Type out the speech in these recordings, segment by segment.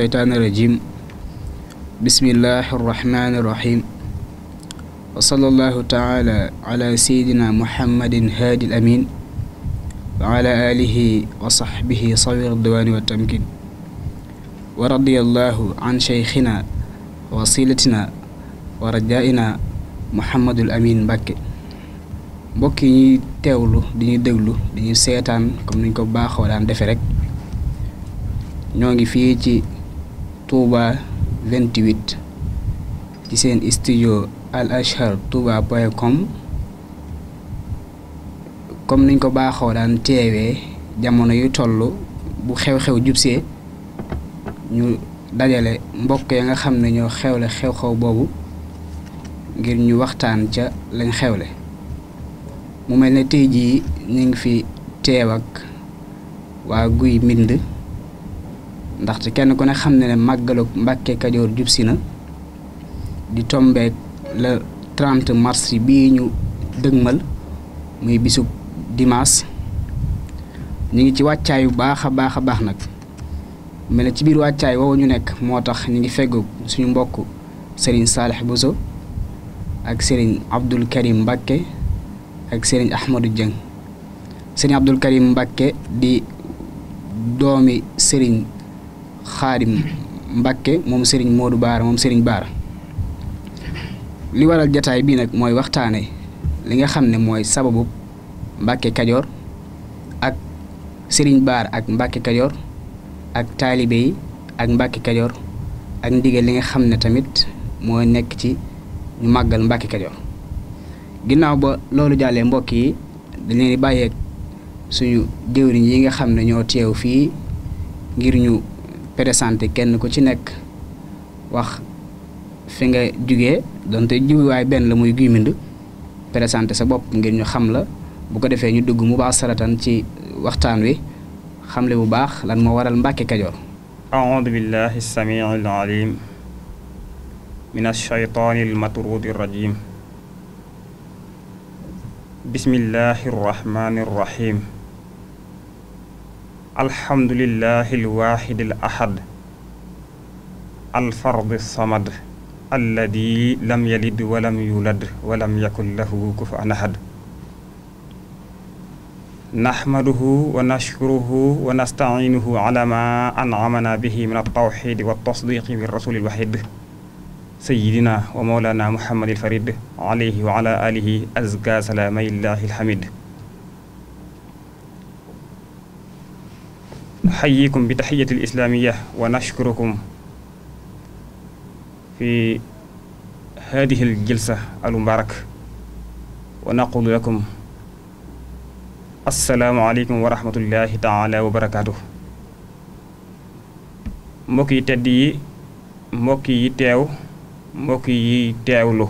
الشيطان الرجيم بسم الله الرحمن الرحيم وصلى الله تعالى على سيدنا محمد هادي الأمين وعلى آله وصحبه صبر الدوان والتمكين ورضي الله عن شيخنا وصيلتنا ورجائنا محمد الأمين مبكي mbokk yi ñuy teewlu di ñuy déglu di ñuy seetaan comme niñ ko baaxoo daan defee rek ñoo ngi fii ci Touba 28 ci seen studio Al Azhar Touba point com comme niñ ko baaxoo daan teewee jamono yu toll bu xew-xew jubsee ñu dajale mbokk ya nga xam ne ñoo xewle xew-xew boobu ngir ñu waxtaan ca lañ xewle mu mel ni tey jii ñu ngi fi teew ak waa guy mbind ndaxte kenn ku ne xam ne ne màggalu Mbàkke Kajoor jub si na di tombeek la 30 mars bii ñu dëgmal muy bisub dimaas ñu ngi ci wàccaay bu baax a baax a baax nag mel ne ci biir wàccaay woowu ñu nekk moo tax ñu ngi feggu suñu mbokk Serigne Salih Bousso ak sëriñ Abdul Karim Mbacke ak sëriñ Ahmadou jëng Serigne Abdul Karim Mbacke di doomi sëriñ xaadim Mbàkke moom Serigne Modou Baara moom sëriñ Baara li waral jataay bii nag mooy waxtaane li nga xam ne mooy sababu mbakke Kajoor ak sëriñ Baara ak Mbàkke Kajoor ak taalibe ak Mbàkke Kajoor ak ndigal li nga xam ne tamit moo nekk ci ñu màggal Mbàkke Kajoor ginnaaw ba loolu jàllee mbokk yi dañ leen suñu jëwriñ yi nga xam ne ñoo teew fii ngir ñu présenté kenn ku ci nekk wax fi nga jugee donte jiwaay benn la muy guimind présenté sa bopp ngir ñu xam la bu ko defee ñu dugg mu baax saratan ci waxtaan wi xamle bu baax lan moo waral Mbàkke Kajoor aoudu billahi samii alalim min alsheytaani almatruudi rajim bismillahi arrahmani arrahim alhamdulillahi alwaxidi al ahad alfardi samad alladi lam yalid walam yulad walam yakun lahu kufuwan ahad nahmaduhu wa nashkuruhu wa nastaciinuhu ala ma ancamana bihi min altawxidi waltasdiqi bi rasuli lwaxid sayidina wa mawlana muhammadi alfarid alayhi wa ala alihi azka salaamay llahi alhamid nuxayikum bi taxiyati alislaamiya wa nashkurukum fi hadihi aljilsa almubaarak wa naqulu lakum assalaamu aleykum wa rahmatullahi taala wa barakaatu mbokk yi tedd yi mbokk yi teew mbokk yi teewlu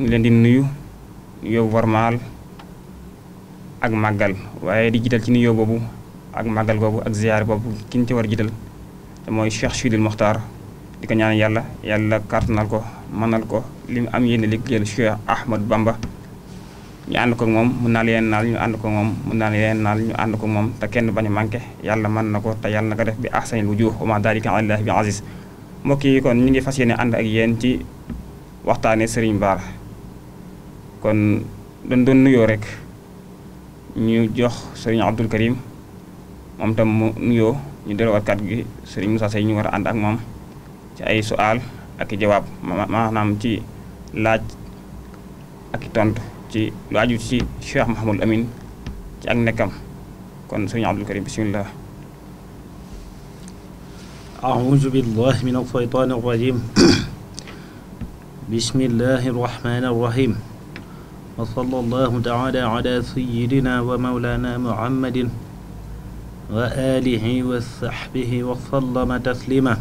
ñu leen di nuyu yow warmaal ak màggal waaye di jiital ci nu boobu ak màggal boobu ak ziyaar boobu ki ñu ci war a jiital mooy Cheikh Sidil Mokhtar di ko ñaan yàlla yàlla kàttanal ko mënal ko li mu am yéene liggéeyal Cheikh Ahmad Bamba ñu ànd ko moom mun naa leen naal ñu ànd ko moom mun naa leen naal ñu ànd ko moom te kenn bañ a manqué yàlla mën na ko te yàlla na ko def bi ahsanil wujuh wa ma dalika alallaahi mbokk yi kon ñu ngi fas yéene ànd ak yéen ci waxtaane Serigne Bara kon dañ doon nuyoo rek ñu jox Serigne Abdou Karim moom tam mu nuyoo ñu delluwaat kàddu gi sëriñ Moussa Seye ñu war a ànd ak moom ci ay suaal ak i jawaab maanaam ci laaj ak i tontu ci lu aju ci Cheikh Mouhamadul Amine ci ak nekkam kon sëriñ Abdul Karim bismillah أعوذ بالله من الشيطان الرجيم بسم الله الرحمن الرحيم وصلى الله تعالى على سيدنا ومولانا محمد wa aalihi wa saxbihi wa sallama taslima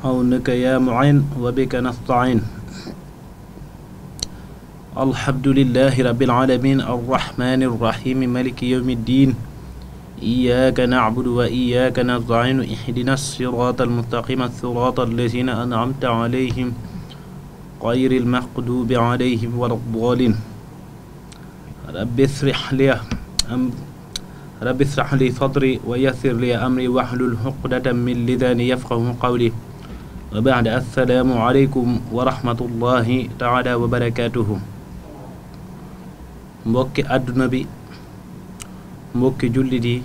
awnaka yaa muin wa bika nastain alhamdulilahi rabil alamin arrahmani arrahimi maliki yowmi ddin iyaaka nacbudu wa iyaaka nastainu ihdina siraata almustaqima siraata allazina anamta alayhim gayri almaqdubi alayhim wala ddaalin rabbi srih li am rabbi israh li sadri wa yassir li amri wahlul uqdatan min lisaani yafqahu qawli wa baada assalaamu aleykum wa rahmatullahi wa barakaatuhu mbokki àdduna bi mbokki jullit yi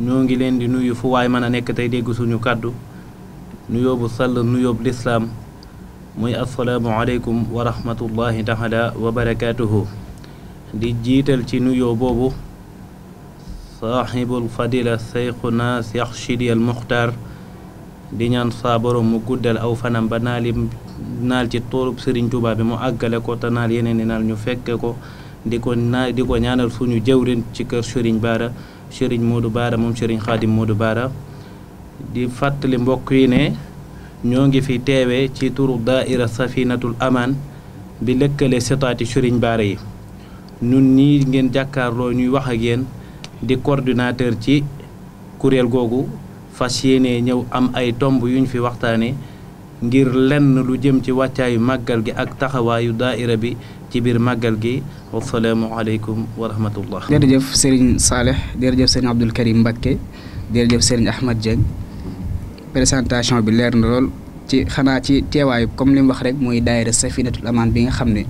ñoo ngi leen di nuyu fu waay mën a nekk tey dégg suñu kàddu nuyoo bu sàll nuyoo bu lislaam muy assalaamu aleykum wa rahmatullahi wa barakaatuhu di jiital ci nuyoo boobu saaxibul fadila seyxu naas yaxshidi al muxtaar di ñaan saa mu guddal aw fanam ba naal naal ci toolub Serigne Touba bi mu àggale ko te naal yeneen i naal ñu fekk ko di ko naa di ko ñaanal suñu jëwrin ci kër Serigne Bara Serigne Modou Bara moom Serigne Khadim Modou Bara di fàttali mbokk yi ne ñoo ngi fi teewee ci turu daaira safinatul amaan bi lëkkale setaati Serigne Bara yi ñun ñii ngeen jàkkaarloo ñuy wax a yéen. di kordinateur ci kuréel googu fas yéene ñëw am ay tomb ñu fi waxtaane ngir lenn lu jëm ci wàccaayu màggal gi ak taxawaayu daaira bi ci biir màggal gi wasalaamualeykum wa rahmatullah jërëjëf Serigne Saleh jërëjëf Serigne Abdoul Karim Mbacké jërëjëf Serigne Ahmad Dieng présentation bi leer na lool ci xanaa ci teewaayu comme li mu wax rek mooy daaira Safinatul Amaan bi nga xam ne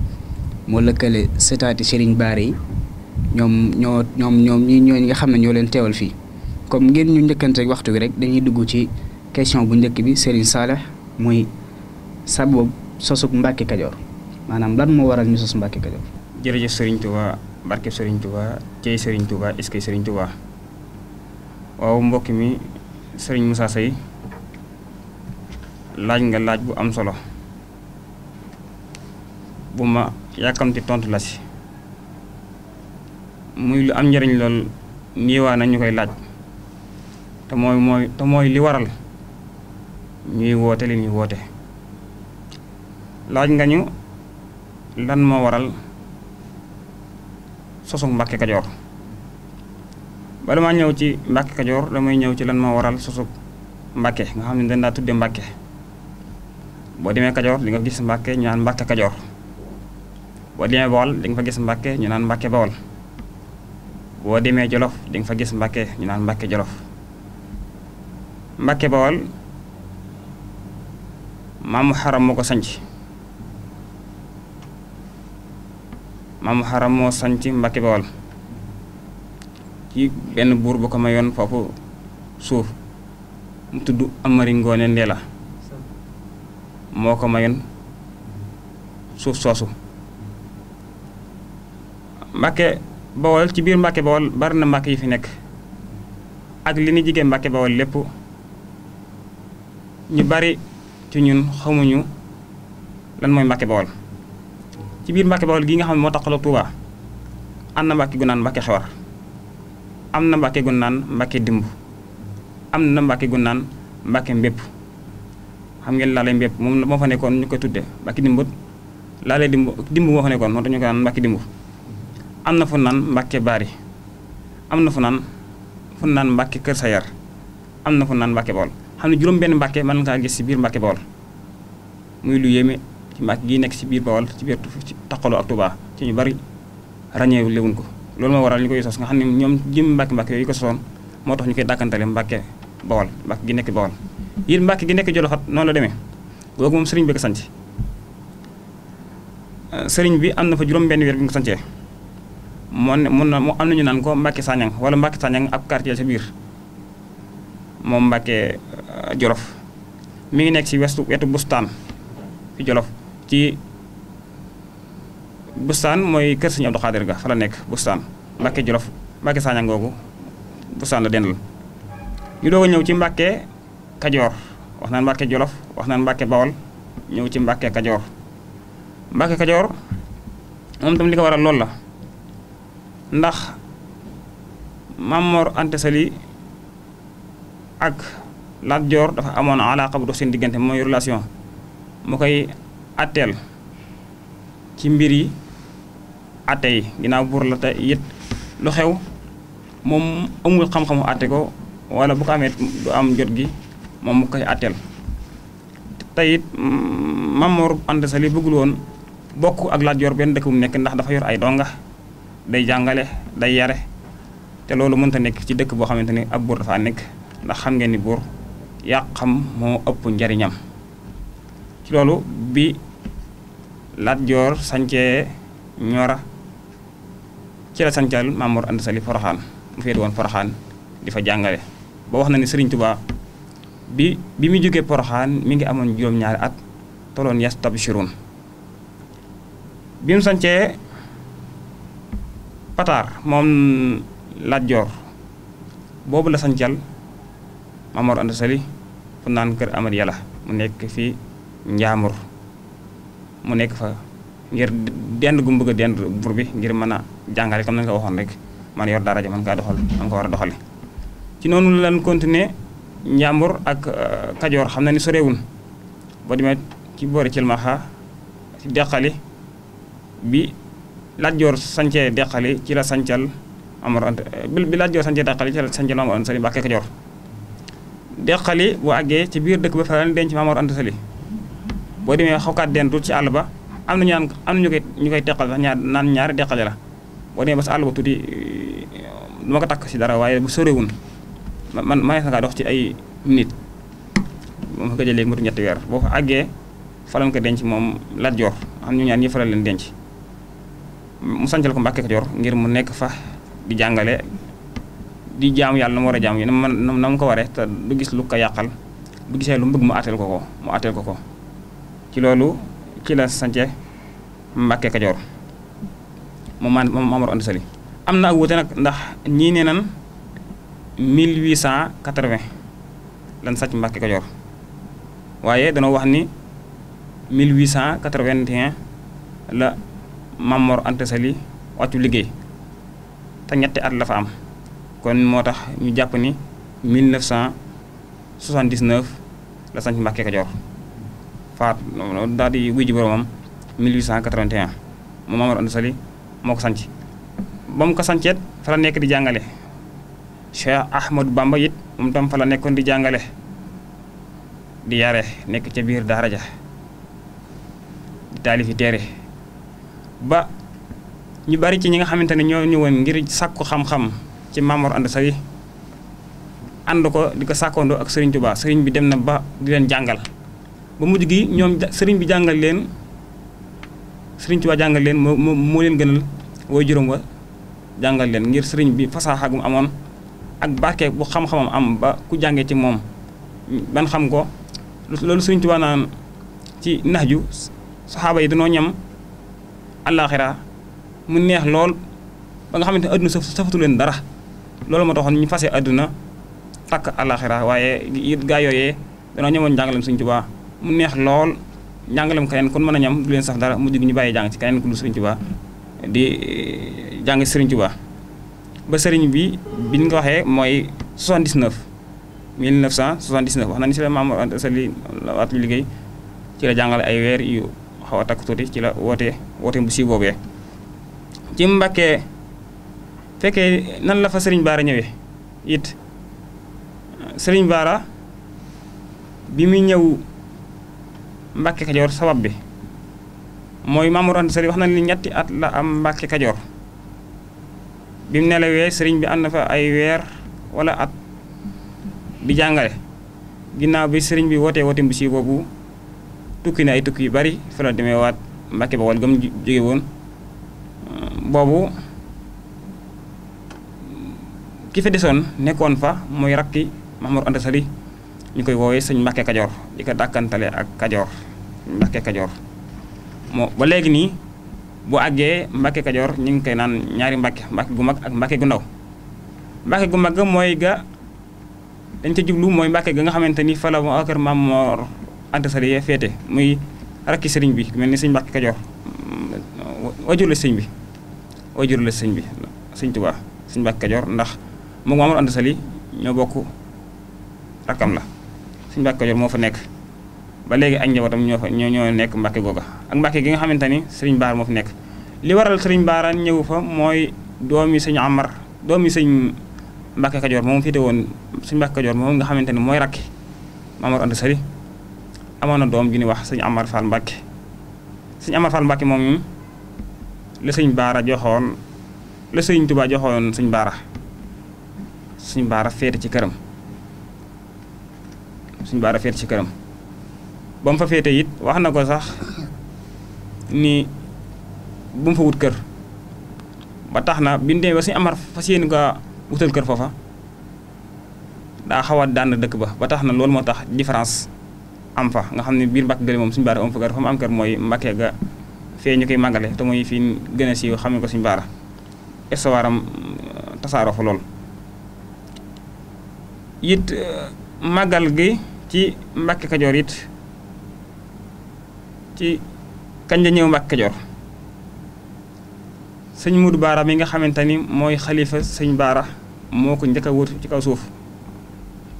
moo lëkkale setaati Serigne Baare yi ñoom ñoo ñoom ñoom ñi ñoo nga xam ne ñoo leen teewal fii comme ngeen ñu njëkkante waxtu bi rek dañuy dugg ci question bu njëkk bi Serigne Saleh muy sababu sosug Mbacke Kajoor maanaam lan moo waral ñu sos Mbacke Kajoor. jërëjëf Serigne Touba barke Serigne Touba cey Serigne Touba est-ce que Serigne Touba waaw mbokk mi Serigne Moussa Seye laaj nga laaj bu am solo bu ma yàkkamti tontu la si. muy lu am njëriñ lool niiwaa na ñu koy laaj te mooy mooy te mooy li waral ñuy woote li ñuy woote laaj nga ñu lan moo waral sosug Mbàkke Kajoor bala maa ñëw ci Mbàkke Kajoor damay ñëw ci lan moo waral sosug Mbàkke nga xam ne dañ daa tudde Mbàkke boo demee Kajoor di nga gis Mbàkke ñu naan Mbàkke Kajoor boo demee Bawol di fa gis Mbàkke ñu naan Mbàkke Bawol boo demee Jolof di nga fa gis Mbàkke ñu naan Mbàkke Jolof Mbàkke Bawol maamu xaram moo ko sanc maamu xaram moo sanc Mbàkke Bawol ci benn buur bu ko mayoon foofu suuf mu tudd Amari Ngoone Ndeela moo ko mayoon suuf soosu Mbàkke bawol ci biir Mbàkke bawol bari na mbakke yi fi nekk ak li ni jigéen mbakke bawol lépp ñu bari ci ñun xamuñu lan mooy Mbàkke bawol ci biir Mbàkke bawol gi nga xam moo moo taxaloo Tuuba am na Mbàkke gu naan Mbàkke am na Mbàkke gu naan Mbàkke dimb am na Mbàkke gu naan Mbàkke mbépp xam ngeen laa lay mbépp moom moo fa nekkoon ñu ko tudde Mbàkke dimbut laa lay dimb dimb moo fa nekkoon moo tax ñu ko naan Mbàkke dimb am na fu naan Mbàkke Bari am na fu naan fu naan Mbàkke Kër Sayar am na fu naan Mbàkke Bawol xam ne juróom-benn Mbàkke mën nga gis si biir Mbàkke Bawol muy lu yéeme ci Mbàkke gi nekk ci biir Bawol ci biir taqaloo ak Tuubaa ci ñu bari ràññeewu ko loolu moo waral ñu koy sos ñoom jëm Mbàkke Mbàkke moo tax ñu koy dàkkantale mbakke Bawol Mbàkke gi nekk Bawol yéen Mbàkke gi nekk Joloxat noonu la demee googu moom sëriñ bi ko sëriñ bi am na fa juróom-benn weer bi mu ko moo ne mun na mu am nañu naan ko Mbacke Sagnang wala Mbacke Sagnang ak quartier sa biir moom Mbacke euh, Jolof mi ngi nekk ci wetu wetu bustaan ci Jolof ci bustaan mooy kër Sëñ Abdou Khadir ga fa nekk bustaan Mbacke Jolof Mbacke Sagnang googu bustaan la dendal ñu doog ñëw ci Mbacke Kajoor wax naan Mbacke Jolof wax naan Mbacke Bawol ñëw ci Mbacke Kajoor Mbacke Kajoor moom tam li ko waral loolu la ndax Maam Mor ak Lat dafa amoon alaaqa bu dox seen diggante mooy relation mu koy atteel ci mbir yi atte ginnaaw buur la te it lu xew moom amul wala bu ko jot gi moom mu koy atteel te it Maam Mor Anta woon bokk ak Lat Joor benn dëkk nekk ndax dafa yor ay donga day jàngale day yare te loolu mënta nekk ci dëkk boo xamante ni ab buur dafaa nekk ndax xam ngeen ni buur yàqam moo ëpp njariñam ci loolu bi laat Joor sancee Ñoora ci la sancal Maamoor Anta Sali Poroxaan mu féete woon Poroxaan di fa jàngale ba wax na ni Sëriñ Tuubaa bi bi mu jógee Poroxaan mi ngi amoon juróom-ñaari at toloon yastabshirun bi mu sancee pataar moom Lat Joor boobu la sancal Mamor Anta Sali fu naan kër Amar Yàlla mu nekk fi Njaamur mu nekk fa ngir dend gu mu bëgg a dend buur bi ngir mën a jàngale comme nañu ko waxoon rek man yor daara ja man kaa doxal man ko war a doxale ci noonu lan continuer Njaambur ak euh, Kajoor xam na ni sorewun boo demee ci boori Cilmaxa ci deqali bi Lat Joor sancee deqali ci la sancal Amar Anta bi Lat Joor sancee deqali ci la sancal Amar Anta Sali Mbàkke Kajoor deqali boo àggee ci biir dëkk ba fa denc Amar Anta Sali boo demee xawkaat den tuuti ci àll ba am na ñaan am ñu koy deqal sax naan ñaari deqali la boo demee ba sa àll ba eh, ko takk si dara waaye bu sorewun man ma nga dox ci ay nit moom fa ko jëlee boo fa àggee fa denc moom Lat Joor am ñu ñaan ñi faral leen denc mu sancal ko Mbàkke Kajoor ngir mu nekk fa di jàngale di jaamu yàlla na mu war a jaam yi na na mu ko waree te du gis lu ko yàqal bu gisee lu mu mu àtteel ko ko mu àtteel ko ko ci loolu ci la sance Mbàkke Kajoor mu Maamor Anta Sali am na ak wuute nag ndax ñii nee nan 1880 lan sàcc Mbàkke Kajoor waaye danoo wax ni 1881 la Mamor Anta Sali liggéey te ñetti at la fa am kon moo tax ñu jàpp ni 1979 la sanc Mbàkke Kajoor faat daal di wuy ji boromam 1881 mu Mamor Anta Sali moo ko sanc ba ko sanceet fa la nekk di jàngale Cheikh Ahmadou Bamba it moom tam fa la nekkoon di jàngale di yare nekk ca biir daara ja di taalifi teere ba ñu bari ci ñi nga xamante ne ñoo ñëwoon ngir sàkku xam-xam ci Mamor Anta Sali ànd ko di ko sàkkoondoo ak sëriñ Tuubaa sëriñ bi dem na ba di leen jàngal ba mujj gi ñoom sëriñ bi jàngal leen sëriñ Tuubaa jàngal leen moo moo leen gënal wooy juróom wa jàngal leen ngir sëriñ bi fasaaxa amoon ak barke bu xam-xamam am ba ku jàngee ci moom ban xam ko loolu sëriñ Tuubaa naan ci nax ju saxaaba yi danoo ñam àllaaxira mu neex lool ba nga xamante ne adduna safatu leen dara loolu moo taxoon ñu fase adduna takk àllaaxira waaye it gaa yooyee danoo ñamoon njàngaleem Sëriñ Tuubaa mu neex lool njàngaleem keneen kon mën a ñam leen saf dara mu jug ñu bàyyi jàng ci keneen ku dul Sëriñ Tuubaa di eh, jàng Sëriñ Tuubaa ba sëriñ bi bi ñu ko waxee mooy 79 1979 wax na ni si la maam sali waat liggéey ci la jàngale ay weer xaw a takk tuuti ci la woote woote bu si boobee ci Mbàkke fekkee nan la fa sëriñ Baara ñëwee it sëriñ Baara bi muy ñëw Mbàkke Kajoor sabab bi mooy Mamour Anta Sali wax na ni ñetti at la am Mbàkke Kajoor bi mu sëriñ bi am na fa ay weer walla at di jàngale ginnaaw bi sëriñ bi wootee woote bu si boobu tukki na ay tukki yu bari fa la demee waat Mbàkke Bawol gëm jóge woon boobu ki fa desoon nekkoon fa mooy rakki Mahmoud Anta ñu koy woowee sëñ Mbàkke Kajoor di ko dàkkantale ak Kajoor Mbàkke Kajoor moo ba nii bu àggee Mbàkke Kajoor ñu ngi koy naan ñaari Mbàkke Mbàkke gu mag ak Mbàkke gu ndaw Mbàkke gu mag mooy ga dañ jublu mooy Mbàkke ga nga xamante ni fa la Anta Sali yee féete muy rakki sëriñ bi mel ni sëñ Mbàkke Kajoor mm, wajur la sëñ bi wajur la sëñ bi sëñ Tuubaa sëñ Mbàkke Kajoor ndax mu Maamadu Anta Sali ñoo bokk rakkam la sëñ Mbàkke Kajoor moo fa nekk ba léegi ak njabootam ñoo fa ñoo ñoo nekk Mbàkke googa ak Mbàkke gi nga xamante ni sëriñ Baara moo fa nekk li waral sëriñ Baara ñëw fa mooy doomi sëñ Amar doomi sëñ Mbàkke Kajoor moom woon sëñ Mbàkke Kajoor moom nga xamante ni mooy rakki Maamadu Anta Sali amoon na doom ju ni wax sëñ Amar Fall Mbacke sëñ Amar Fall Mbacke moom la sëñ Baara joxoon la sëñ tubaa joxoon sëñ Baara sëñ Baara féete ci këram suñ Baara féete ci këram ba mu fa féete it wax na ko sax ni bu mu fa wut kër ba tax na bi ñu demee ba sëñ Amar fas yéene nga wutal kër foofa daa xaw a dànn dëkk ba ba tax na lool moo tax différence. am fa nga xam ne biir Mbàkke Galle moom suñu baara am mooy Mbàkke ga fee ñu koy màggale te mooy a siiw xam euh, lool it euh, gi ci Mbàkke it ci kañ la sëñ Mudu Baara mi nga xamante ni mooy xalifa sëñ Baara moo ko njëkk a wut ci kaw suuf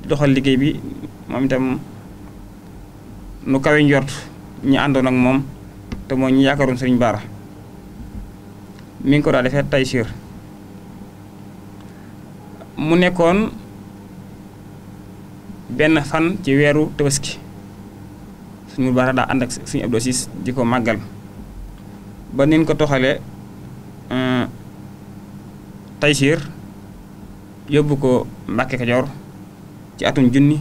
doxal liggéey bi moom itam nu kawe njort ñu àndoon ak moom te moo ñu yaakaaroon sëriñ Baara mi ngi ko daa defee tay sur mu nekkoon benn fan ci weeru tabaski suñu Baara daa ànd ak suñu Abdou Aziz di ko màggal ba nin ko toxalee euh, tay sur yóbbu ko Mbàkke Kajoor ci atum junni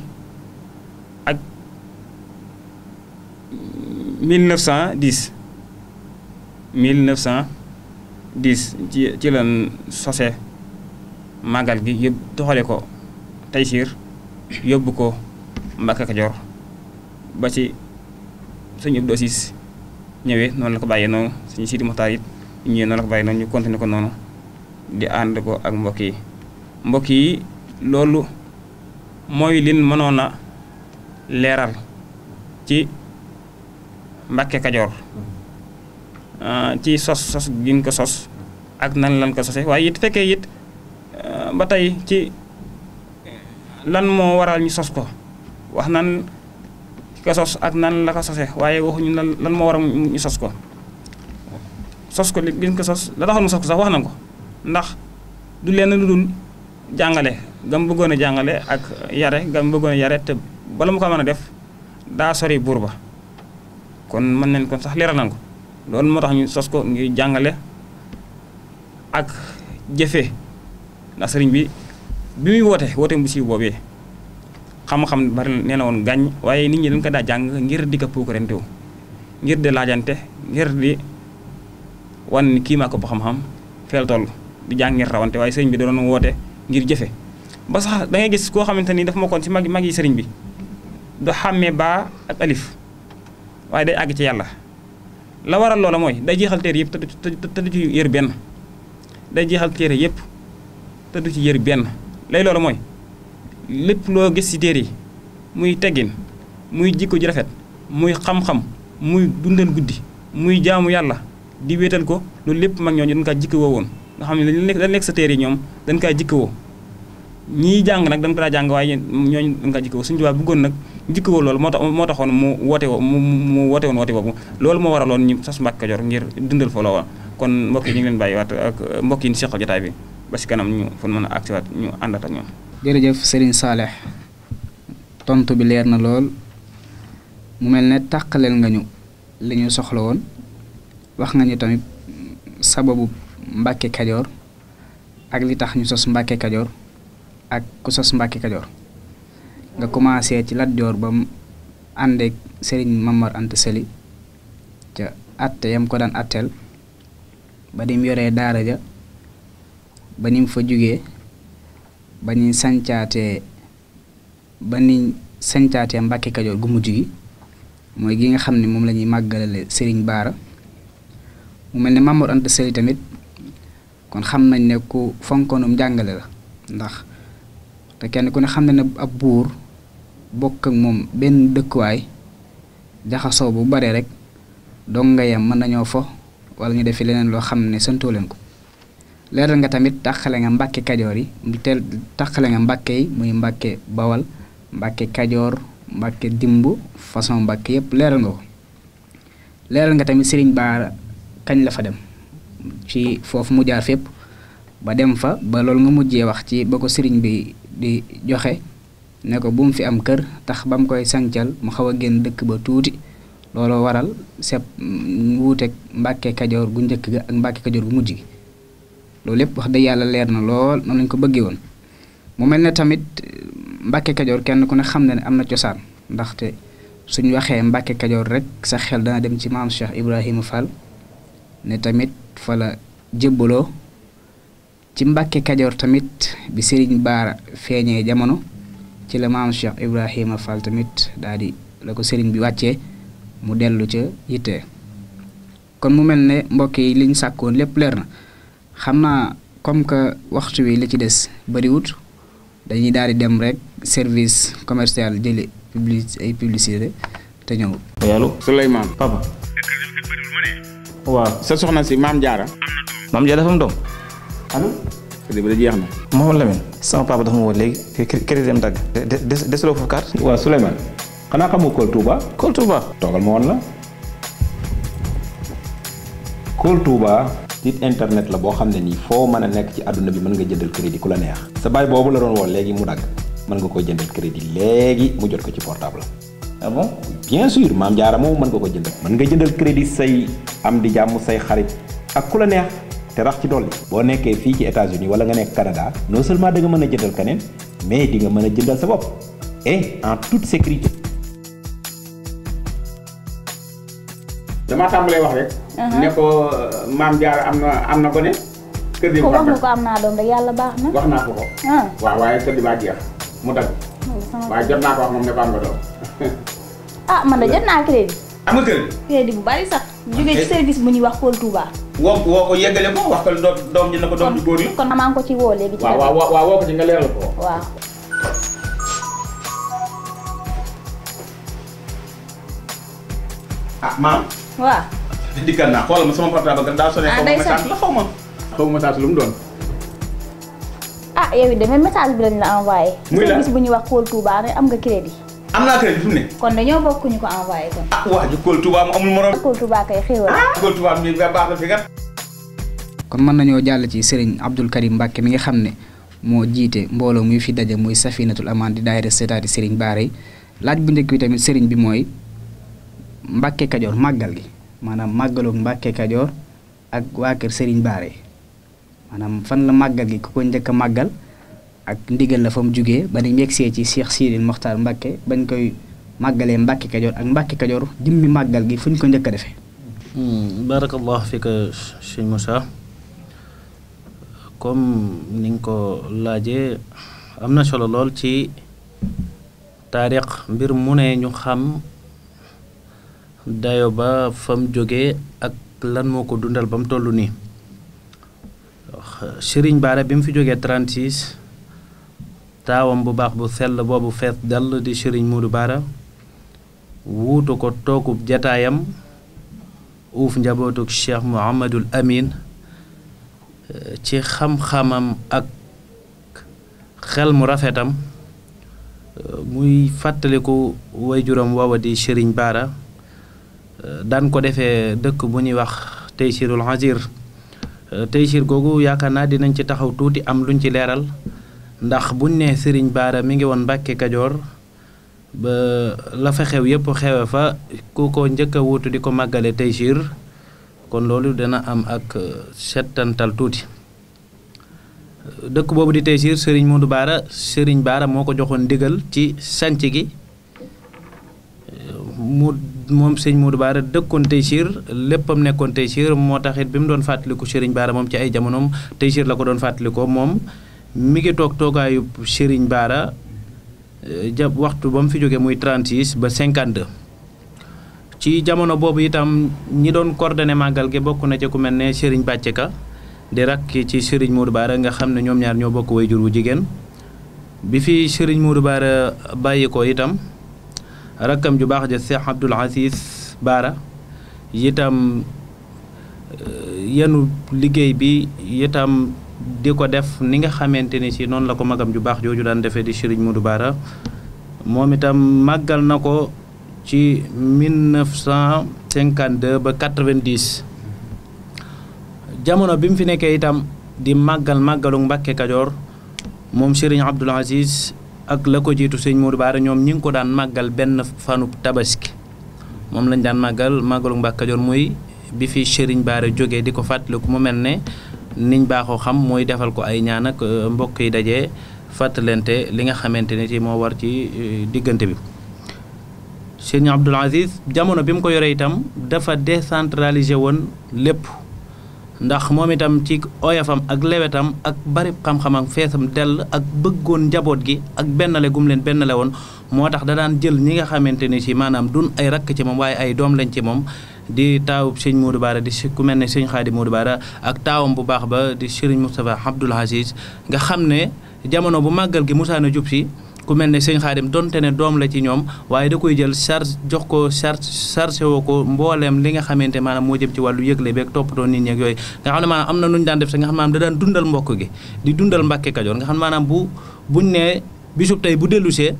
1910 1910 ci ci lan sose màggal gi yëpp doxale ko Taysiir yóbbu ko Mbàkke Kajoor ba ci sëñ Abdu Asiis ñëwee noonu la ko bàyyee noonu suñu Sidi Muxtaar it ñëwee noonu la ko bàyyee noonu ñu continuer ko noonu di ànd ko ak mbokk yi mbokk yi loolu mooy lin mënoon a leeral ci Mbàkke Kajoor mm-hmm. ah, ci sos sos giñ ko sos ak nan lan ko sose waaye it fekkee it ah, ba tey ci lan moo waral ñu sos ko wax nan ki sos ak nan la ko sose waaye waxuñu lan lan moo waral ñu sos sos ko li giñ ko sos la taxoon mu sos ko sax wax na ko ndax du lenn lu dul jàngale gam bëggoon a jàngale ak yare gam bëggoon a yare te bala mu ko mën a def daa sori buur ba kon mën nañ ko sax leeral nañ ko loolu moo tax ñu sos ko ngir jàngale ak jëfe ndax sëriñ bi bi muy woote woote bu siiw boobee xam-xam bari nee na woon gàññ waaye nit ñi dañ ko daa jàng ngir di ko puukarante ngir di laajante ngir di wan ni kii maa ko ba xam-xam feel toll di jàng ngir rawante waaye sëriñ bi da doon woote ngir jëfe ba sax gis koo xamante ni dafa ma ci mag mag yi sëriñ bi du xàmmee baa ak alif waaye day àgg ci yàlla la waral loola mooy day jeexal téere yëpp te du ci yër benn jeexal téere yëpp te ci yër benn lay loola mooy lépp loo gis ci téere yi muy teggin muy jikko ji rafet muy xam-xam muy dundal guddi muy jaamu yàlla di wéetal ko loolu lépp mag ñooñu dañ kaa jikko woo woon nga xam ne dañ nekk sa téere yi ñoom dañ kaa jikko woo ñii jàng nag dañ ko daa jàng waaye ñooñu dañ kaa jikko woo suñu tubaab bëggoon nag njëkk woo loolu moo tax moo taxoon mu woote mu mu woote woon woote boobu loolu moo waraloon ñu sas Mbàkke Kajoor ngir dundal fa waa kon mbokk ñu ngi leen bàyyiwaat ak euh, mbokk yi jotaay bi ba si kanam ñu fan mën a agsiwaat ñu àndaat ak ñoom. jërëjëf Serigne Saleh tontu bi leer na lool mu mel ne tàqaleel nga ñu li ñu soxla woon wax nga ñu tamit sababu Mbàkke Kajoor ak li tax ñu sos Mbàkke Kajoor ak ku sos Mbàkke Kajoor. nga commencé ci Lat Joor ba mu àndeek sëriñ Mamar Anta Sali ca atte yam ko daan atteel ba ni yoree daara ja ba ni fa jugee ba ni sancaatee ba ni sancaatee Mbàkke Kajoor gu mujj gi mooy gi nga xam ne moom lañuy ñuy màggalale sëriñ Baara mu mel ne Mamar Anta tamit kon xam nañ ne ku fonkonum jàngale la ndax te kenn kon ne xam ne ne ab buur bokk ak moom benn dëkkuwaay jaxasoo bu bare rek dong nga yem mën nañoo fo wala ñu def defi leneen loo xam ne santoo leen ko leeral nga tamit tàqale nga mbàkke kajoor yi teel tàqale nga mbàkke yi muy mbàkke bawal mbàkke kajoor mbàkke dimb façon mbàkke yépp leeral nga ko leeral nga tamit sëriñ baara kañ la fa dem ci foofu mu jaar fépp ba dem fa ba loolu nga mujjee wax ci ba ko sëriñ bi di joxe ne ko bu mu fi am kër tax ba mu koy sancal mu xaw a génn dëkk ba tuuti looloo waral sepp wuuteeg mbàkke kajoor gu njëkk ga ak mbàkke kajoor gu mujj gi loolu lépp wax dëgg yàlla leer na lool noonu lañ ko bëggee woon mu mel ne tamit eh, mbàkke kajoor kenn ku ne xam na ne am na cosaan ndaxte suñ waxee mbàkke kajoor rek sax xel dana dem ci maam Cheikh Ibrahima Fall ne tamit fala la jébbaloo ci mbàkke kajoor tamit bi Serigne Baara feeñee jamono ci la maam Cheikh Ibrahima Fall tamit daal di la ko sëriñ bi wàccee mu dellu ca yitte kon mu mel ne mbokk yi liñ sàkkoon lépp leer na xam naa comme que waxtu wi la ci des bariwut dañuy daal di dem rek service commercial jëli publi ay publicité te ñëw. allo. si maam Diarra. maam Diarra dafa doom. crédit bi da jeex na. Mouhamadou Lamine sama papa dafa ma woo léegi crédit dem dagg. des desuloo foofu carte. waaw Souleymane xanaa xamoo Kool Touba. Kool Touba. toogal la. Kool Touba. site internet la boo xam ne nii foo mën a nekk ci àdduna bi mën nga jëndal crédit ku la neex. sa baay boobu la doon woo léegi mu dagg mën nga koo jëndal crédit léegi mu jot ko ci portable. ah bon bien sûr maam jaara moom mën nga ko jëndal. mën nga jëndal crédit say am di jàmm say xarit te rax ci dolli boo nekkee fii ci États-Unis wala nga nekk Canada non seulement da mën a jëndal keneen mais di nga mën a jëndal sa bopp et en toute sécurité. damaa tàmbalee wax rek. Uh-huh. ne ko euh, maam Diarra am na am na gone. wax nga ko am naa doom rek yàlla baax na. wax naa ko ko. Uh. waaw waaye kër gi jeex mu dagg. waaye jot naa ko wax moom ne ko am nga doom. ah man de jot naa crédit. am nga crédit. bu bari sax. Ah, jógee ci service bu ñuy wax Pôle Touba. woo woo ko yeggale ko wax ko doom ji na ko doom ji góor yi. kon maa ko ci woo léegi. waaw waaw waaw woo ko ci nga leeral ko. waaw. ah maam. waaw. dikkal ah, lu mu doon. ah yow it demee message bi lañ la envoyé. muy la gis bu ñuy wax Kool am nga crédit. am naa crédit ne. kon dañoo bokk ñu ko envoyé kon. ah, ah na fi mën nañoo jàll ci sëriñ Abdou Karim Mbacke mi nga xam ne moo jiite mbooloo muy fi daje muy Safinatul Aman di daayira seetaati Serigne Baare laaj bu njëkk bi tamit sëriñ bi mooy Mbacke Kajoor màggal gi maanaam màggaloog Mbacke Kajoor ak waa sëriñ Serigne Baare maanaam fan la màggal gi ku ko njëkk a màggal. ak ndigal la fa mu jógee ba ni yegsee ci Cheikh Sidil Mokhtar Mbacke bañ koy màggalee Mbacke Kajoor ak Mbacke Kajoor dimmi màggal gi fu ñu ko njëkk a defee. Hmm, barakallahu fika Sëñ Moussa comme ni nga ko laajee am na solo lool ci taarix mbir mu ne ñu xam dayo ba fa mu jógee ak lan moo ko dundal ba mu toll nii. Sëriñ Baara bi mu fi jógee 36. taawam bu baax bu sell boobu fees dal di Serigne Modou Bara wuutu ko toogub jataayam uuf njabootuk Cheikh Mouhamadul Amin eh, ci xam-xamam ak xel mu rafetam eh, muy fàttaliku way waajuram woowa di Serigne Bara eh, daan ko defee dëkk bu ñuy wax Taysirul Azir Taysir googu yaakaar naa dinañ ci taxaw tuuti am luñ ci leeral ndax buñ nee Serigne baara mi ngi woon Mbàkke Kajoor ba la fa xew yëpp xewe fa ku ko njëkk a di ko màggale tey jir kon loolu dana am ak euh, settantal tuuti dëkk boobu di tey jir Serigne Modou Bara Serigne Bara moo ko joxoon ndigal ci sanc gi mu moom sëñ Modou Bara dëkkoon Taysiir léppam nekkoon Taysiir moo tax it bi mu doon fàttaliku Serigne baara moom ci ay jamonoom Taysiir la ko doon fàttalikoo moom mi ngi toog toogaayub sëriñ baara eh, ja waxtu ba mu fi jóge muy 36 ba 52 ci jamono boobu itam ñi doon coordonné màggal gi bokk na ci ku mel ne Serigne Bàcce Ka di rakk ci Serigne Modou Bara nga xam ne ñoom ñaar ñoo bokk way jur wu jigéen bi fi sëriñ Modou Bara bàyyi ko itam rakkam ju baax ja Cheikh Abdoul Aziz baara itam eh, yenu liggéey bi itam. di ko def ni nga xamante ni si noonu la ko magam ju baax jooju daan defee di Serigne Modou Bara moom itam màggal na ko ci 1952 ba 90 jamono bi mu fi nekkee itam di màggal màggalu Mbàkke Kajoor moom Serigne Abdoul Aziz ak la ko jiitu Serigne Modou Bara ñoom ñi ngi ko daan màggal benn fanub tabaski moom lañ daan màggal màggalu Mbàkke Kajoor muy bi fi Serigne Bara jógee di ko fàttaliku mu mel ne niñ baaxoo xam mooy defal ko ay ñaan ak euh, mbokk yi daje fàttalente li nga xamante ne ci moo war ci euh, diggante bi. Sëñ Abdul Aziz jamono bi mu ko yore itam dafa décentralisé woon lépp ndax moom itam ci oyafam ak lewetam ak bari xam am feesam dell ak bëggoon njaboot gi ak bennale gum leen bennale woon moo tax da daan jël ñi nga xamante ne ci maanaam dun ay rakk ci moom waaye ay doom lañ ci moom. di taawub sëñ Modou Bara di ku mel ne sëñ Xaadi Modou Bara ak taawam bu baax ba di sëriñ Moustapha Abdoul Aziz nga xam ne jamono bu màggal gi musaana jub si ku mel ne sëñ Xaadim donte ne doom la ci ñoom waaye da koy jël sar jox ko charge chargé woo ko mboolem li nga xamante maanaam moo jëm ci wàllu yëgle beeg toppatoo nit ñi ak yooyu nga xam ne maanaam am na nu ñu daan def sax nga xam ne maanaam da daan dundal mbokk gi di dundal Mbàkke Kajoor nga xam ne maanaam bu buñ ne bisub tey bu dellusee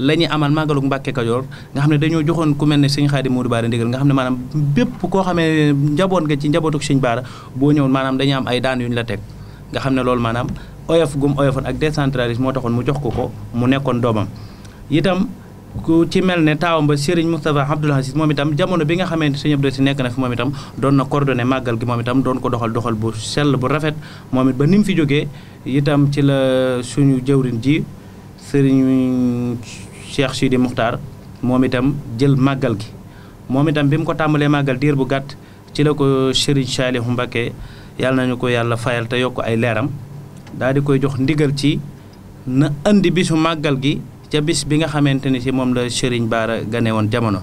la ñuy amal màggalug Mbàkke Kajoor nga xam ne dañoo joxoon ku mel ne sëñ Xaadim Moodu Baara ndigal nga xam ne maanaam bépp koo xamee njaboot nga ci njabootuk sëñ Baara boo ñëw maanaam dañuy am ay daan yu ñu la teg nga xam ne loolu maanaam oyof gum oyofoon ak décentralisme moo taxoon mu jox ko ko mu nekkoon doomam itam ku ci mel ne taawam ba Serigne Moustapha Abdoul Aziz moom itam jamono bi nga xamante Serigne Abdou si nekk na fi moom itam doon na coordonné màggal gi moom itam doon ko doxal doxal bu sell bu rafet moom it ba ni mu fi jógee itam ci la suñu jëwrin ji Cheikh Sidi Muxtaar moom itam jël màggal gi moom itam bi mu ko tàmbalee màggal diir bu gàtt ci la ko Serigne Saliou Mbacké yàlla nañu ko yàlla fayal te yokk ay leeram daal di koy jox ndigal ci na indi bisu màggal gi ca bis bi nga xamante ni si moom la Serigne Bara gane woon jamono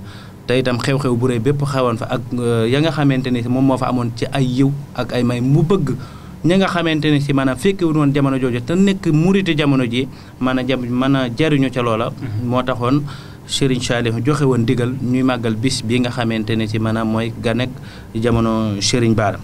te itam xew-xew bu rëy bépp xewoon fa ak euh, ya nga xamante ni moom moo fa amoon ci ay yiw ak ay may mu bëgg ñi nga xamante ne si maanaam fekki wu woon jamono jooju te nekk murite jamono ji mën a jam mën a jariñu ca loola mhm. moo taxoon Serigne Saliou joxe woon digal ñuy màggal bis bi nga xamante ne ci maanaam mooy ganek jamono Serigne Bara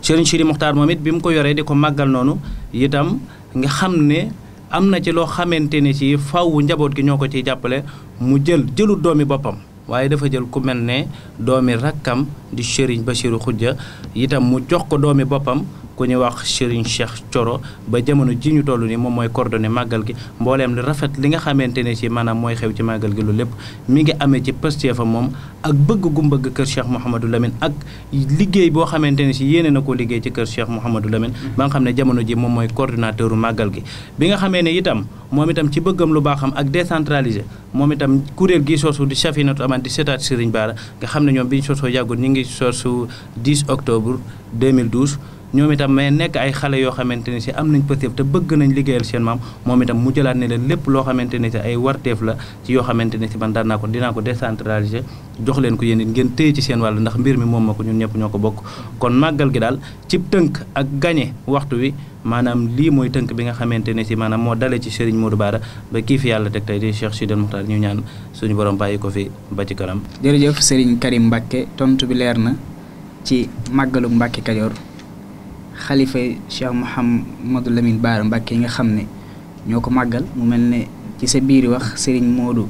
Serigne Sidi Muxtaar moom it bi mu ko yore di ko màggal noonu itam nga xam ne am na ci loo xamante ne si faww njaboot gi ñoo ko ciy jàppale mu jël jëlul doomi boppam waaye dafa jël ku mel ne doomi rakkam di Serigne Bassirou Khoudia itam mu jox ko doomi boppam ku ñu wax Serigne Cheikh coro ba jamono ji ñu toll nii moom mooy coordonné màggal gi mbooleem li rafet li nga xamante ne ci maanaam mooy xew ci màggal gi lu lépp mi ngi ame ci pastefa moom ak bëgg gu mbëgg kër Cheikh Mouhamadou Lamine ak liggéey boo xamante ne ci yéene na ko liggéey ci kër Cheikh Mouhamadou Lamine ba nga xam ne jamono ji moom mooy coordonnateur u màggal gi bi nga xamee ne itam moom itam ci bëggam lu baaxam ak décentralisé moom itam kuréel gi soosu di Safinatoul Aman di setaat Serigne Bara nga xam ne ñoom bi ñu soosoo yàggul ñu ngi soosu 10 octobre 2012 ñoom itam mais nekk ay xale yoo xamante ni si am nañ pëteef te bëgg nañ liggéeyal seen maam moom itam mu jëlaat ne leen lépp loo xamante ni si ay warteef la ci yoo xamante ni si man daan naa ko dinaa ko décentraliser jox leen ko yéen it ngeen ci seen wàll ndax mbir mi moom ma ko ñun ñëpp ñoo ko bokk kon màggal gi daal cib tënk ak gañe waxtu wi maanaam lii mooy tënk bi nga xamante ne si maanaam moo dale ci Serigne Modou Bara ba kii fi yàlla teg tey di Cheikh Sidel Moukhtar ñu ñaan suñu borom bàyyi ko fi ba ci kanam jërëjëf Serigne Karim Mbacke tontu bi leer na ci màggalu Mbacke Kajoor xalifa Cheikh Mouhamadou Lamine Bara Mbacke yi nga xam ne ñoo ko màggal mu mel ne ci sa biir wax sëriñ Modou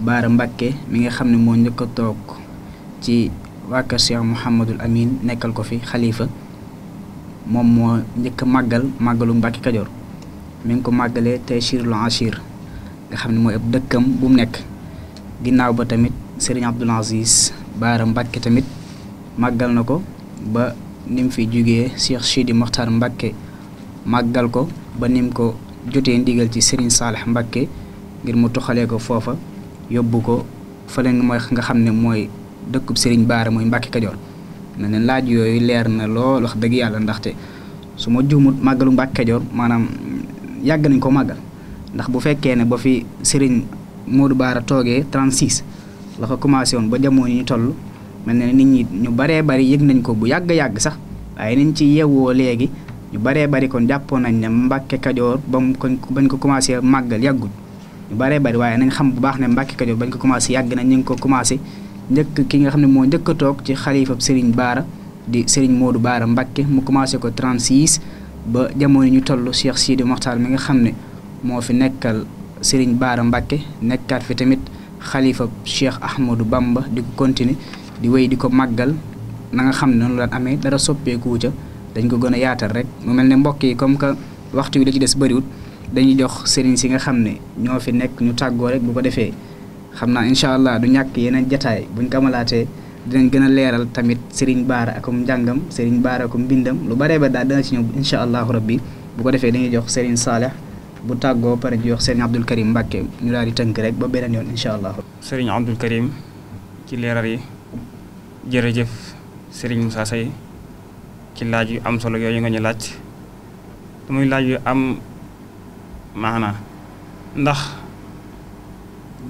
Bara Mbacke mi nga xam ne moo njëkk toog ci waa kër Cheikh Amin nekkal ko fi xalifa moom moo njëkk a màggal màggalu Mbacke Kajoor mi ngi ko màggalee tey Chirlou Achir nga xam ne mooy ab dëkkam bu mu nekk ginnaaw ba tamit sëriñ Abdoul Aziz Bara Mbacke tamit màggal na ko ba ni mu fi jugee Cheikh Sidi Mokhtar Mbacke màggal ko ba nim ko jotee ndigal ci Serigne Salih Mbacke ngir mu toxalee ko foofa yóbbu ko fële mooy nga xam ne mooy dëkkub sëriñ Baara mooy Mbacke Kajoor na ne laaj yooyu leer na lool wax dëgg yàlla ndaxte su ma juumut màggalu Mbacke Kajoor maanaam yàgg nañ ko màggal ndax bu fekkee ne ba fi Serigne Modou Baara toogee 36 la ko commencé ba jamono yi ñu mel nit ñi ñu baree bari yëg nañ ko bu yàgg-yàgg sax waaye niñ ci yeewoo léegi ñu baree bari kon jàppoon nañ ne Mbàkke Kajoor ba mu ko bañ ko commencé màggal yàgguñ ñu baree bari waaye nañ xam bu baax ne Mbàkke Kajoor bañ ko commencé yàgg nañ ñu ngi ko commencé njëkk ki nga xam ne moo njëkk a toog ci xalifab Serigne Baara di Serigne Modou Baara Mbàkke mu commencé ko 36 ba jamono ñu toll Cheikh Sidi Mokhtar mi nga xam ne moo fi nekkal Serigne Baara Mbàkke nekkaat fi tamit xalifab Cheikh Ahmadou Bamba di ko continuer di wéy di ko màggal na xam ne noonu la amee dara soppeeku ca dañ ko gën a yaatal rek mu mel ne mbokk yi comme que waxtu wi la ci des bëriwut dañuy jox sëriñ si nga xam ne ñoo fi nekk ñu tàggoo rek bu ko defee xam naa incha allah du ñàkk yeneen jataay buñ ko amalaatee dinañ gën a leeral tamit sëriñ baara akum njàngam sëriñ baara akum mbindam lu baree ba daal dana ci ñëw incha allahu rabbi bu ko defee dañuy jox sëriñ Saleh bu tàggoo pare ñu jox sëriñ Abdul Karim Mbàkke ñu daal di tënk rek ba beneen yoon incha allah. sëriñ Abdul Karim ci leeral yi. jërëjëf Serigne Moussa Seye ci laaj yi am solo yooyu nga ñu laaj muy laaj yu am maanaa ndax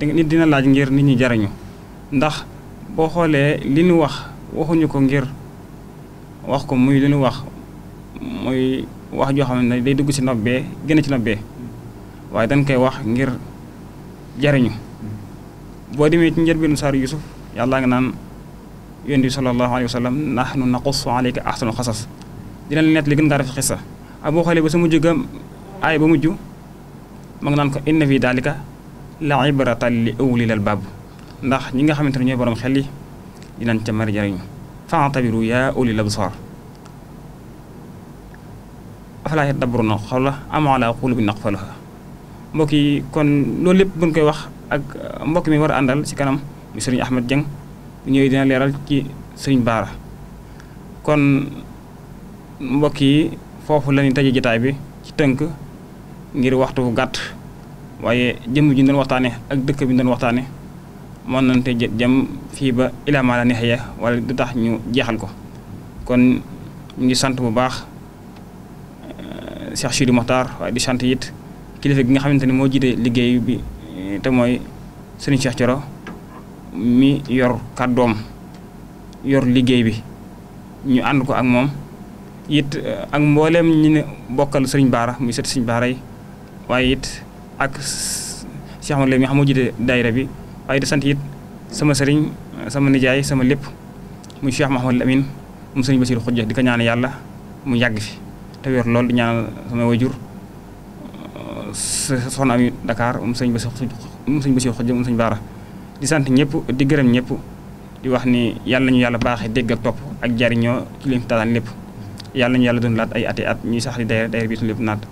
nit dina laaj ngir nit ñi jariñu ndax boo xoolee li ñu wax waxuñu ko ngir wax ko muy li ñu wax muy wax joo xam ne day dugg ci nobbee génn ci nobbee waaye dañ koy wax ngir jariñu mm. boo demee ci njëlbeenu saaru Yusuf yàlla nga naan yonent bi sallallahu alayhi wa sallam nahnu naqussu alayka ahsanal qasas dina la nett li gën ngaa rafet xisa abu xale ba sa mujj gam aay ba mujj ma ngi naan ko inna fi daalika la ndax ñi nga xamante ne ñooy borom xel yi dinañ ca mari jariñu fa'tabiru yaa ulil absar afalaa yadabbaruna la am ala qulubin aqfaluha mbokk yi kon loolu lépp buñ koy wax ak mbokk mi war a àndal ci kanam mu Sëriñ Ahmed Dieng bu ñëwee dina leeral ci sëñ baara kon mbokk yi foofu la ñuy tëjee bi ci tënk ngir waxtu gàtt waaye jëmm ji ñu waxtaane ak dëkk bi ñu waxtaane mën nañ jëm fii ba ilaamaa la neexee wala du tax ñu jeexal ko kon ñu ngi sant bu baax eh, Cheikh Chidi Mokhtar waaye di sant it kilifa gi nga xamante ni moo jiite liggéey bi eh, te mooy Serigne Cheikh Thioro mi yor kàddoom yor liggéey bi ñu ànd ko ak moom it eh, ak mbooleem ñu ne bokkal sëriñ baara muy sët sëriñ baara waaye it ak Cheikh mi xam moo jiite bi waaye di sama sëriñ sama nijaay sama lépp muy Cheikh Mahamadou Amin mu sëriñ Basiru Xujja di ko ñaan yàlla mu yàgg fi te wér loolu di ñaanal sama wajur eh, soxna ami Dakar mu sëriñ Basiru Xujja mu sëriñ Basiru mu sëriñ Baara di sant ñëpp di gërëm ñëpp di wax ni yàlla ñu yàlla baaxee dégg ak topp ak jariñoo ci lépp yàlla ñu yàlla doon laat ay ati at ñuy sax di dayra dayra bi suñu lépp naat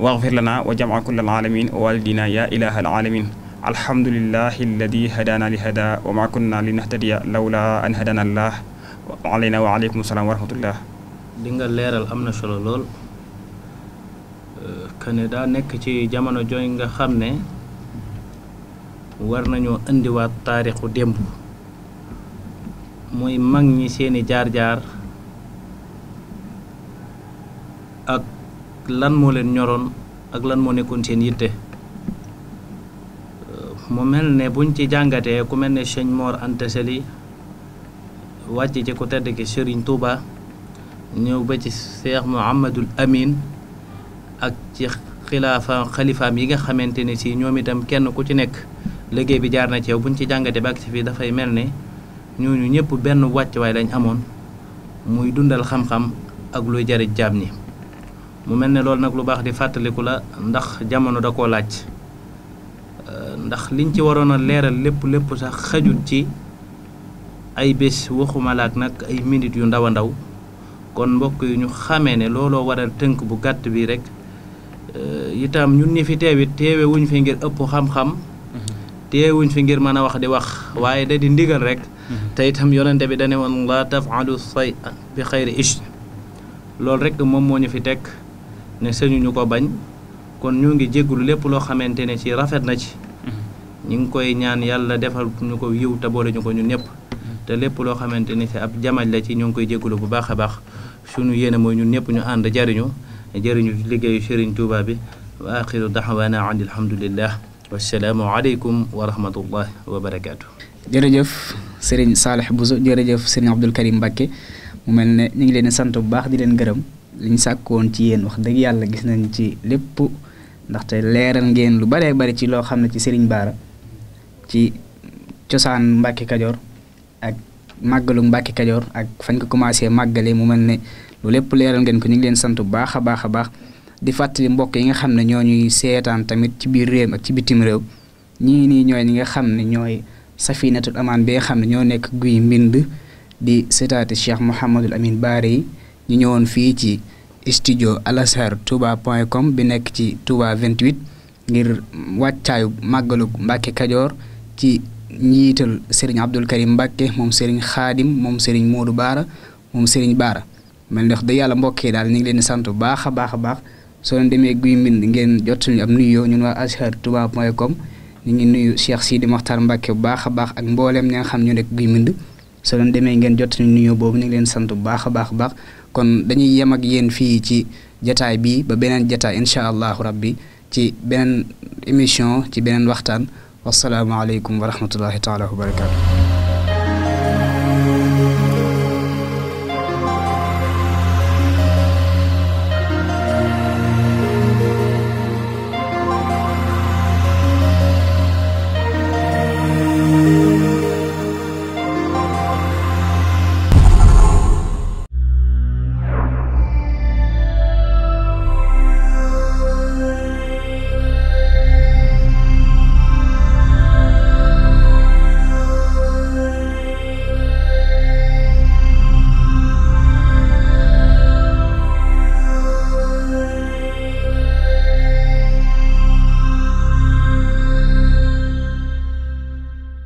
واغفر لنا وجمع كل العالمين ووالدينا يا إله العالمين الحمد لله الذي هدانا لهذا وما كنا لنهتدي لولا أن هدانا الله علينا وعليكم السلام ورحمة الله li nga leeral am na solo lool Canada nekk ci jamono jooy nga xam ne war nañoo indiwaat taarixu démb mooy mag ñi seeni jaar-jaar ak lan moo leen ñoroon ak lan moo nekkoon seen yitte mu mel ne buñ ci jàngatee ku mel ne sëñ Mor Anta Sali wàcc ci ku tedd ki Serigne Touba ñëw ba ci Cheikh Mouhamadul Amin ak ci xilaafa xalifaam yi nga xamante ne si ñoom itam kenn ku ci nekk liggéey bi jaar na ceew bu buñ ci jàngatee ba ak si fii dafay mel ne ñooñu ñëpp benn wàcc waay lañu amoon muy dundal xam-xam ak luy jariñ jaam ñi mu mel ni loolu nag lu baax di fàttaliku la ndax jamono da koo laaj euh, ndax liñ ci waroon a leeral lépp lépp sax xajul ci ay bés waxumalaak nag ay minutes yu ndaw a ndaw kon mbokk yi ñu xamee ne looloo waral tënk bu gàtt bi rek euh, itam ñun ñi fi teewit teewe wuñ fi ngir ëpp xam-xam teewuñ fi ngir mën a wax di wax waaye da di ndigal rek mhm. te itam yonente bi dane woon la tafalu say bi xayri ish loolu rek moom moo ñu fi teg ne sañuñu ko bañ kon ñu ngi jéggul lépp loo xamante ne ci rafet na ci mhm. ñu ngi koy ñaan yàlla defal ñu ko yiw te boole ñu ko ñun ñëpp mhm. te lépp loo xamante ni ci ab jamaj la ci ñu ngi koy jéggulu bu baax a baax suñu yéene mooy ñun ñëpp ñu ànd jariñu jariñu liggéeyu Serigne Touba bi wa axiru daxawaana an alhamdulillah wasalaamualeykum wa rahmatullah wa barakaatu. jërëjëf Serigne Saleh bu jërëjëf Serigne Abdul Karim Mbacke mu mel ne ñu ngi leen di sant bu baax di leen gërëm liñ sàkkoon ci yéen wax dëgg yàlla gis nañ ci lépp ndaxte leeral ngeen lu baree bari ci loo xam ne ci sëriñ baara ci cosaan Mbacke Kajoor ak màggalu Mbacke Kajoor ak fañ ko commencé màggale mu mel ne lu lépp leeral ngeen ko ñu ngi leen sant bu baax a baax a baax. di fàttali mbokk yi nga xam ne ñoo ñuy seetaan tamit ci biir réew ak ci bitim réew ñii nii ñooy ñi nga xam ne ñooy safinatul amaan bi xam ne ñoo nekk guy mbind di seetaati Cheikh Mouhamadul Amin Baare yi ñu ñëwoon fii ci studio alasar touba point comme bi nekk ci touba 28 ngir wàccaayu màggalu Mbàkke Kajoor ci njiital Serigne Abdul Karim Mbàkke moom Serigne Xaadim moom Serigne Moodu Baara moom Serigne Baara mel ndax da yàlla daal ñu ngi leen di sant bu baax a baax a baax soo leen demee guy mbind ngeen jot suñu ab nuyoo ñun waa Azhar Touba point com ñu ngi nuyu sii di Mokhtar Mbacke bu baax a baax ak mbooleem ñi xam ñu nekk guy mbind soo leen demee ngeen jot suñu nuyoo boobu ñu ngi leen sant bu baax a baax baax kon dañuy yem ak yéen fii ci jataay bii ba beneen jataay incha allahu rabbi ci beneen émission ci beneen waxtaan wasalaamaaleykum wa rahmatullahi taala wa barakaatu